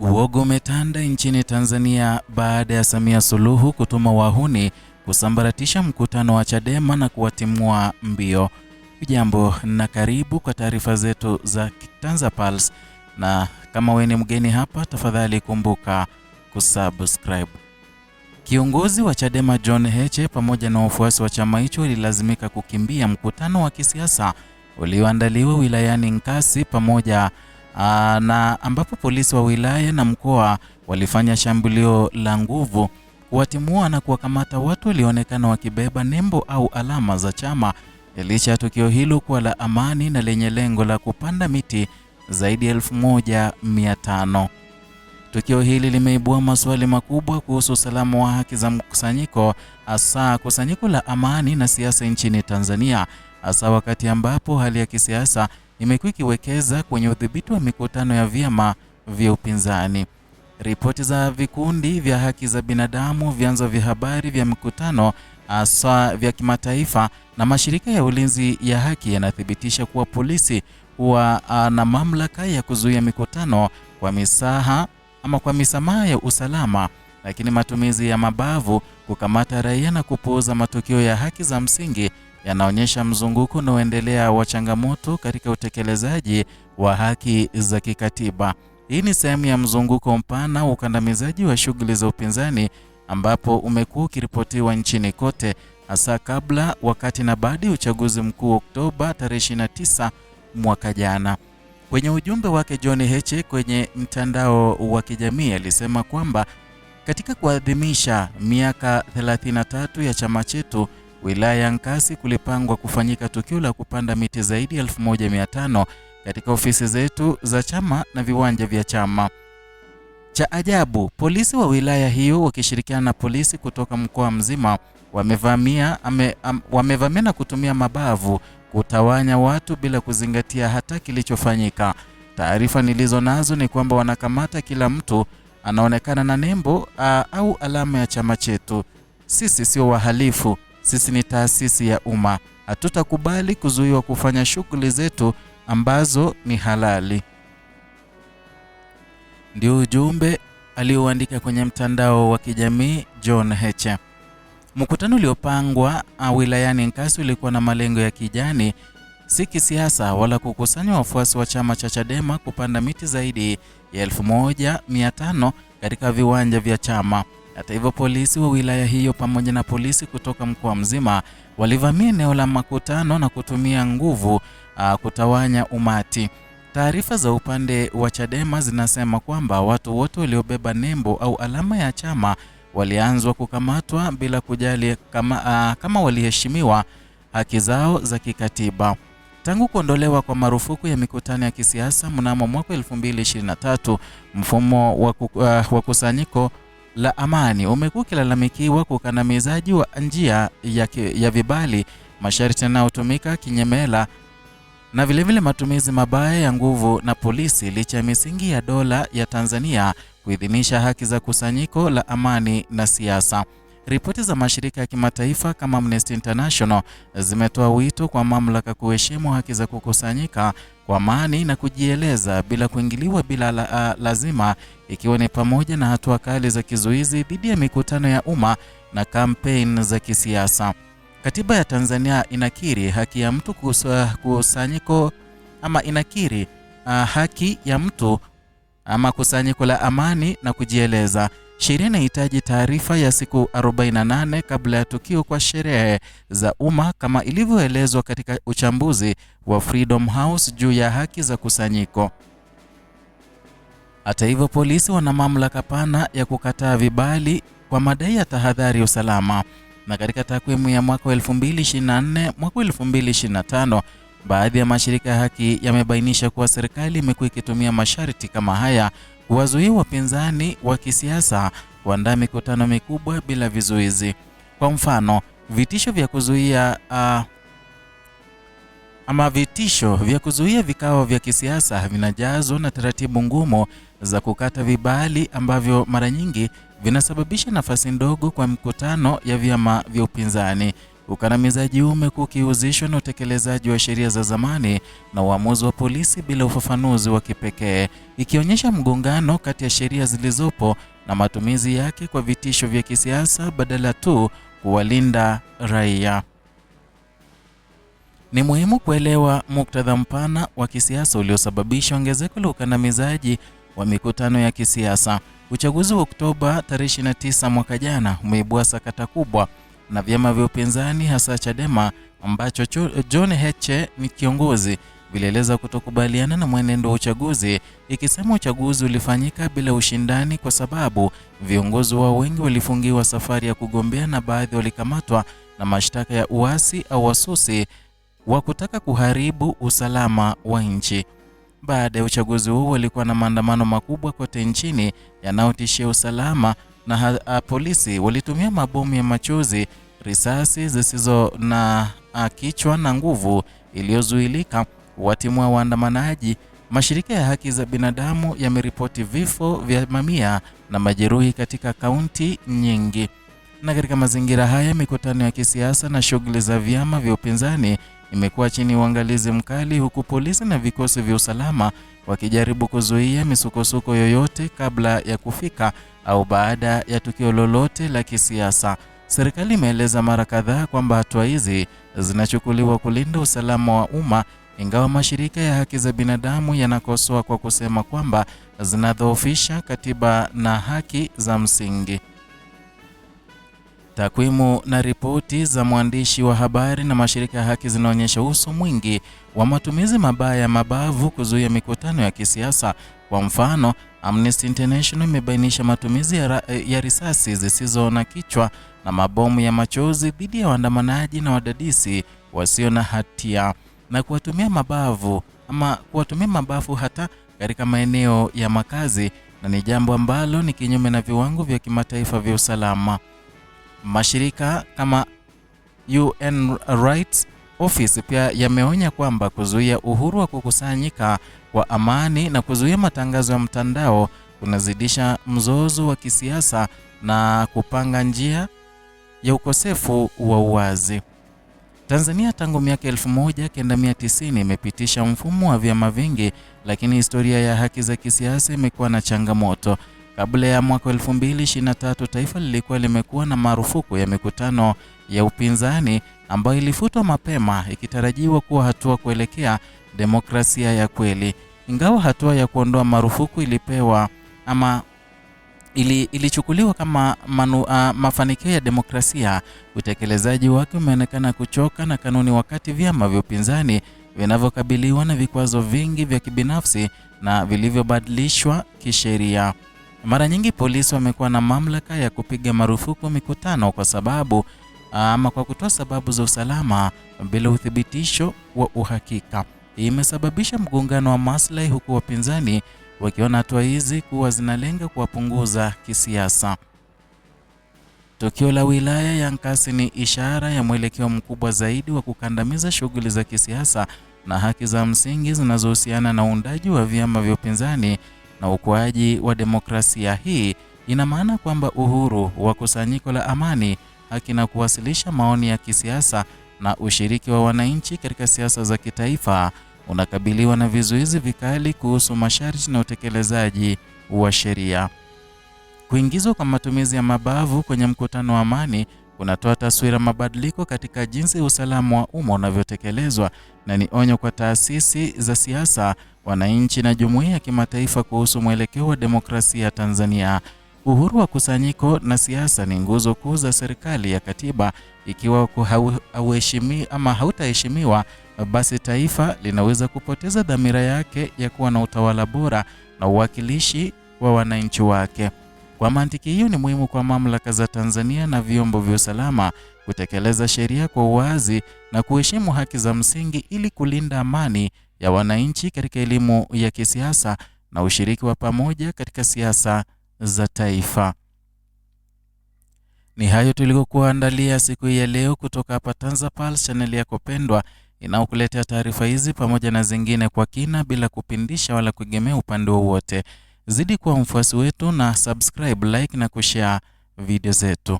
Uoga umetanda nchini Tanzania baada ya Samia Suluhu kutuma wahuni kusambaratisha mkutano wa Chadema na kuwatimua mbio. Jambo na karibu kwa taarifa zetu za Tanza Pulse, na kama wewe ni mgeni hapa, tafadhali kumbuka kusubscribe. Kiongozi wa Chadema John Heche pamoja na wafuasi wa chama hicho walilazimika kukimbia mkutano wa kisiasa ulioandaliwa wilayani Nkasi pamoja aa, ah, na ambapo polisi wa wilaya na mkoa walifanya shambulio la nguvu kuwatimua na kuwakamata watu walioonekana wakibeba nembo au alama za chama, licha ya tukio hilo kuwa la amani na lenye lengo la kupanda miti zaidi ya tano, Tukio hili limeibua maswali makubwa kuhusu usalama wa haki za mkusanyiko, hasa kusanyiko la amani na siasa nchini Tanzania, hasa wakati ambapo hali ya kisiasa imekuwa ikiwekeza kwenye udhibiti wa mikutano ya vyama vya upinzani. Ripoti za vikundi vya haki za binadamu, vyanzo vya habari vya mikutano haswa vya kimataifa na mashirika ya ulinzi ya haki yanathibitisha kuwa polisi huwa ah, na mamlaka ya kuzuia mikutano kwa misaha ama kwa misamaha ya usalama, lakini matumizi ya mabavu, kukamata raia na kupuuza matukio ya haki za msingi yanaonyesha mzunguko unaoendelea wa changamoto katika utekelezaji wa haki za kikatiba. Hii ni sehemu ya mzunguko mpana wa ukandamizaji wa shughuli za upinzani ambapo umekuwa ukiripotiwa nchini kote, hasa kabla, wakati na baada ya uchaguzi mkuu Oktoba tarehe 29 mwaka jana. Kwenye ujumbe wake, John Heche kwenye mtandao wa kijamii alisema kwamba katika kuadhimisha miaka 33 ya chama chetu wilaya ya Nkasi kulipangwa kufanyika tukio la kupanda miti zaidi ya 1500 katika ofisi zetu za chama na viwanja vya chama. Cha ajabu, polisi wa wilaya hiyo wakishirikiana na polisi kutoka mkoa mzima wamevamia am, wamevamia na kutumia mabavu kutawanya watu bila kuzingatia hata kilichofanyika. Taarifa nilizo nazo ni kwamba wanakamata kila mtu anaonekana na nembo au alama ya chama chetu. Sisi sio wahalifu, sisi ni taasisi ya umma, hatutakubali kuzuiwa kufanya shughuli zetu ambazo ni halali. Ndio ujumbe aliyoandika kwenye mtandao wa kijamii John Heche. Mkutano uliopangwa ah, wilayani Nkasi ulikuwa na malengo ya kijani, si kisiasa wala kukusanya wafuasi wa chama cha Chadema kupanda miti zaidi ya 1500 katika viwanja vya chama. Hata hivyo, polisi wa wilaya hiyo pamoja na polisi kutoka mkoa mzima walivamia eneo la makutano na kutumia nguvu uh, kutawanya umati. Taarifa za upande wa Chadema zinasema kwamba watu wote waliobeba nembo au alama ya chama walianzwa kukamatwa bila kujali kama, uh, kama waliheshimiwa haki zao za kikatiba. Tangu kuondolewa kwa marufuku ya mikutano ya kisiasa mnamo mwaka 2023, mfumo wa kukusanyiko uh, kusanyiko la amani umekuwa ukilalamikiwa kwa ukandamizaji wa njia ya, ya vibali, masharti yanayotumika kinyemela na vilevile vile matumizi mabaya ya nguvu na polisi, licha ya misingi ya dola ya Tanzania kuidhinisha haki za kusanyiko la amani na siasa. Ripoti za mashirika ya kimataifa kama Amnesty International zimetoa wito kwa mamlaka kuheshimu haki za kukusanyika kwa amani na kujieleza bila kuingiliwa bila la, lazima ikiwa ni pamoja na hatua kali za kizuizi dhidi ya mikutano ya umma na kampeni za kisiasa. Katiba ya Tanzania inakiri haki ya mtu kusanyiko ama inakiri haki ya mtu ama kusanyiko la amani na kujieleza. Sheria inahitaji taarifa ya siku 48 kabla ya tukio kwa sherehe za umma kama ilivyoelezwa katika uchambuzi wa Freedom House juu ya haki za kusanyiko. Hata hivyo, polisi wana mamlaka pana ya kukataa vibali kwa madai ya tahadhari usalama. Na katika takwimu ya mwaka 2024, mwaka 2025, baadhi ya mashirika ya haki yamebainisha kuwa serikali imekuwa ikitumia masharti kama haya wazuia wapinzani wa kisiasa kuandaa mikutano mikubwa bila vizuizi. Kwa mfano, vitisho vya kuzuia uh, ama vitisho vya kuzuia vikao vya kisiasa vinajazwa na taratibu ngumu za kukata vibali ambavyo mara nyingi vinasababisha nafasi ndogo kwa mikutano ya vyama vya upinzani. Ukandamizaji huu umekuwa ukihusishwa na utekelezaji wa sheria za zamani na uamuzi wa polisi bila ufafanuzi wa kipekee, ikionyesha mgongano kati ya sheria zilizopo na matumizi yake kwa vitisho vya kisiasa badala tu kuwalinda raia. Ni muhimu kuelewa muktadha mpana wa kisiasa uliosababisha ongezeko la ukandamizaji wa mikutano ya kisiasa. Uchaguzi wa Oktoba tarehe 29 mwaka jana umeibua sakata kubwa na vyama vya upinzani hasa Chadema ambacho John Heche ni kiongozi vilieleza kutokubaliana na mwenendo wa uchaguzi, ikisema uchaguzi ulifanyika bila ushindani kwa sababu viongozi wao wengi walifungiwa safari ya kugombea na baadhi walikamatwa na mashtaka ya uasi au wasusi wa kutaka kuharibu usalama wa nchi. Baada ya uchaguzi huo, walikuwa na maandamano makubwa kote nchini yanayotishia usalama na polisi walitumia mabomu ya machozi, risasi zisizo na kichwa na nguvu iliyozuilika watimua waandamanaji. Mashirika ya haki za binadamu yameripoti vifo vya mamia na majeruhi katika kaunti nyingi. Na katika mazingira haya, mikutano ya kisiasa na shughuli za vyama vya upinzani imekuwa chini ya uangalizi mkali, huku polisi na vikosi vya usalama wakijaribu kuzuia misukosuko yoyote kabla ya kufika au baada ya tukio lolote la kisiasa. Serikali imeeleza mara kadhaa kwamba hatua hizi zinachukuliwa kulinda usalama wa umma, ingawa mashirika ya haki za binadamu yanakosoa kwa kusema kwamba zinadhoofisha katiba na haki za msingi. Takwimu na ripoti za mwandishi wa habari na mashirika ya haki zinaonyesha uso mwingi wa matumizi mabaya ya mabavu kuzuia mikutano ya kisiasa. Kwa mfano, Amnesty International imebainisha matumizi ya, eh, ya risasi zisizo na kichwa na mabomu ya machozi dhidi ya waandamanaji na wadadisi wasio na hatia na kuwatumia mabavu ama kuwatumia mabavu hata katika maeneo ya makazi, na ni jambo ambalo ni kinyume na viwango vya kimataifa vya usalama. Mashirika kama UN Rights Office pia yameonya kwamba kuzuia uhuru wa kukusanyika kwa amani na kuzuia matangazo ya mtandao kunazidisha mzozo wa kisiasa na kupanga njia ya ukosefu wa uwazi. Tanzania tangu miaka 1990 imepitisha mfumo wa vyama vingi, lakini historia ya haki za kisiasa imekuwa na changamoto. Kabla ya mwaka tatu taifa lilikuwa limekuwa na marufuku ya mikutano ya upinzani ambayo ilifutwa mapema ikitarajiwa kuwa hatua kuelekea demokrasia ya kweli. Ingawa hatua ya kuondoa marufuku ilipewa ama ili, ilichukuliwa kama manu, uh, mafanikio ya demokrasia, utekelezaji wake umeonekana kuchoka na kanuni, wakati vyama vya upinzani vinavyokabiliwa na vikwazo vingi vya kibinafsi na vilivyobadilishwa kisheria. Mara nyingi polisi wamekuwa na mamlaka ya kupiga marufuku mikutano kwa sababu ah, ama kwa kutoa sababu za usalama bila uthibitisho wa uhakika. imesababisha mgongano wa maslahi, huku wapinzani wakiona hatua hizi kuwa zinalenga kuwapunguza kisiasa. Tukio la wilaya ya Nkasi ni ishara ya mwelekeo mkubwa zaidi wa kukandamiza shughuli za kisiasa na haki za msingi zinazohusiana na uundaji wa vyama vya upinzani na ukuaji wa demokrasia hii ina maana kwamba uhuru wa kusanyiko la amani, haki na kuwasilisha maoni ya kisiasa na ushiriki wa wananchi katika siasa za kitaifa unakabiliwa na vizuizi vikali kuhusu masharti na utekelezaji wa sheria. Kuingizwa kwa matumizi ya mabavu kwenye mkutano wa amani kunatoa taswira mabadiliko katika jinsi usalama wa umma unavyotekelezwa na ni onyo kwa taasisi za siasa, wananchi na jumuiya ya kimataifa kuhusu mwelekeo wa demokrasia ya Tanzania. Uhuru wa kusanyiko na siasa ni nguzo kuu za serikali ya katiba. Ikiwa hauheshimi ama hautaheshimiwa, basi taifa linaweza kupoteza dhamira yake ya kuwa na utawala bora na uwakilishi wa wananchi wake. Kwa mantiki hiyo, ni muhimu kwa mamlaka za Tanzania na vyombo vya usalama kutekeleza sheria kwa uwazi na kuheshimu haki za msingi ili kulinda amani ya wananchi katika elimu ya kisiasa na ushiriki wa pamoja katika siasa za taifa. Ni hayo tulikokuandalia siku hii ya leo kutoka hapa TanzaPulse, chaneli yako pendwa inaokuletea taarifa hizi pamoja na zingine kwa kina bila kupindisha wala kuegemea upande wowote. Zidi kuwa mfuasi wetu na subscribe, like na kushare video zetu.